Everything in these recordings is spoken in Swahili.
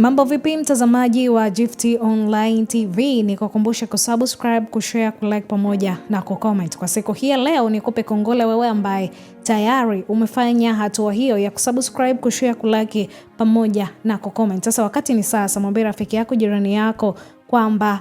Mambo vipi mtazamaji wa Gift Online TV, ni kukumbusha kusubscribe, kushare, kulike pamoja na kucomment. Kwa siku hii ya leo nikupe kongole wewe ambaye tayari umefanya hatua hiyo ya kusubscribe, kushare, kulike pamoja na kucomment. Sasa wakati ni sasa, mwambie rafiki yako, jirani yako kwamba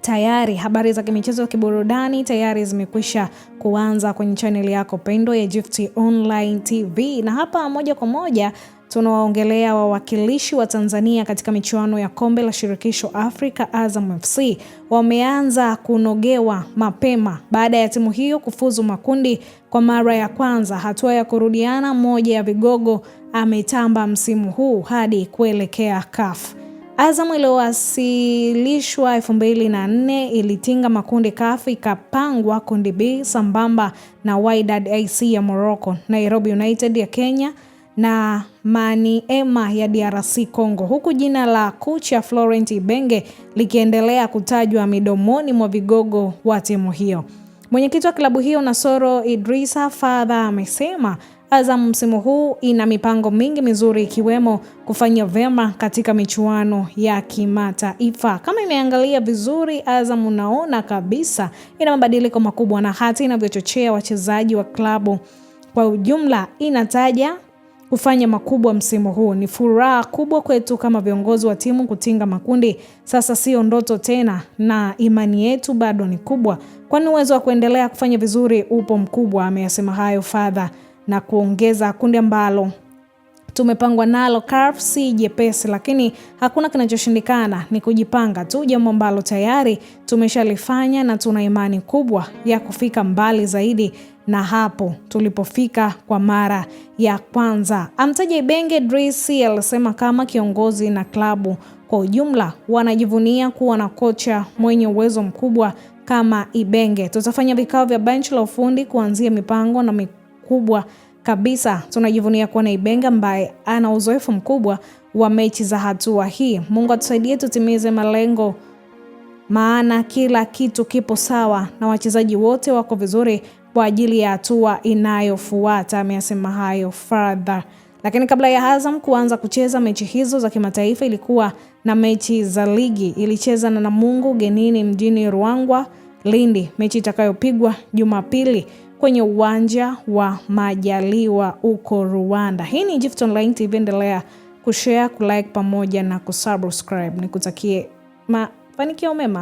tayari habari za kimichezo ya kiburudani tayari zimekwisha kuanza kwenye chaneli yako pendwa ya Gift Online TV, na hapa moja kwa moja tunawaongelea wawakilishi wa Tanzania katika michuano ya kombe la shirikisho Afrika. Azam FC wameanza kunogewa mapema baada ya timu hiyo kufuzu makundi kwa mara ya kwanza. Hatua ya kurudiana, moja ya vigogo ametamba msimu huu hadi kuelekea CAF. Azam iliyowasilishwa 2004 ilitinga makundi kafu ikapangwa kundi B sambamba na Wydad AC ya Morocco, Nairobi United ya Kenya na Maniema ya DRC Congo, huku jina la kucha Florent Ibenge likiendelea kutajwa midomoni mwa vigogo wa timu hiyo. Mwenyekiti wa klabu hiyo Nasoro Idrisa Fadha amesema Azam msimu huu ina mipango mingi mizuri ikiwemo kufanya vyema katika michuano ya kimataifa. Kama imeangalia vizuri, Azam unaona kabisa ina mabadiliko makubwa, na hata inavyochochea wachezaji wa klabu kwa ujumla inataja kufanya makubwa msimu huu. Ni furaha kubwa kwetu kama viongozi wa timu kutinga makundi. Sasa sio ndoto tena, na imani yetu bado ni kubwa, kwani uwezo wa kuendelea kufanya vizuri upo mkubwa. Ameyasema hayo Fadha na kuongeza kundi ambalo tumepangwa nalo CAF si jepesi, lakini hakuna kinachoshindikana, ni kujipanga tu, jambo ambalo tayari tumeshalifanya na tuna imani kubwa ya kufika mbali zaidi na hapo tulipofika kwa mara ya kwanza. Amtaja Benge Drisi alisema kama kiongozi na klabu kwa ujumla wanajivunia kuwa na kocha mwenye uwezo mkubwa kama Ibenge. Tutafanya vikao vya benchi la ufundi kuanzia mipango na mikubwa kabisa. Tunajivunia kuwa na Ibenga ambaye ana uzoefu mkubwa wa mechi za hatua hii. Mungu atusaidie tutimize malengo, maana kila kitu kipo sawa na wachezaji wote wako vizuri kwa ajili ya hatua inayofuata. Ameyasema hayo Fadha. Lakini kabla ya Azam kuanza kucheza mechi hizo za kimataifa, ilikuwa na mechi za ligi. Ilicheza na Namungo ugenini mjini Ruangwa, Lindi, mechi itakayopigwa Jumapili kwenye uwanja wa Majaliwa huko Rwanda. Hii ni Gift Online TV, endelea kushare, kulike pamoja na kusubscribe. Nikutakie mafanikio mema.